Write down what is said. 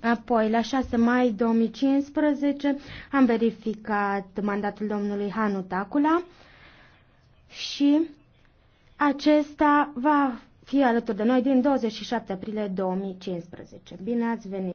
Apoi, la 6 mai 2015, am verificat mandatul domnului Hanu Tacula și acesta va fi alături de noi din 27 aprilie 2015. Bine ați venit!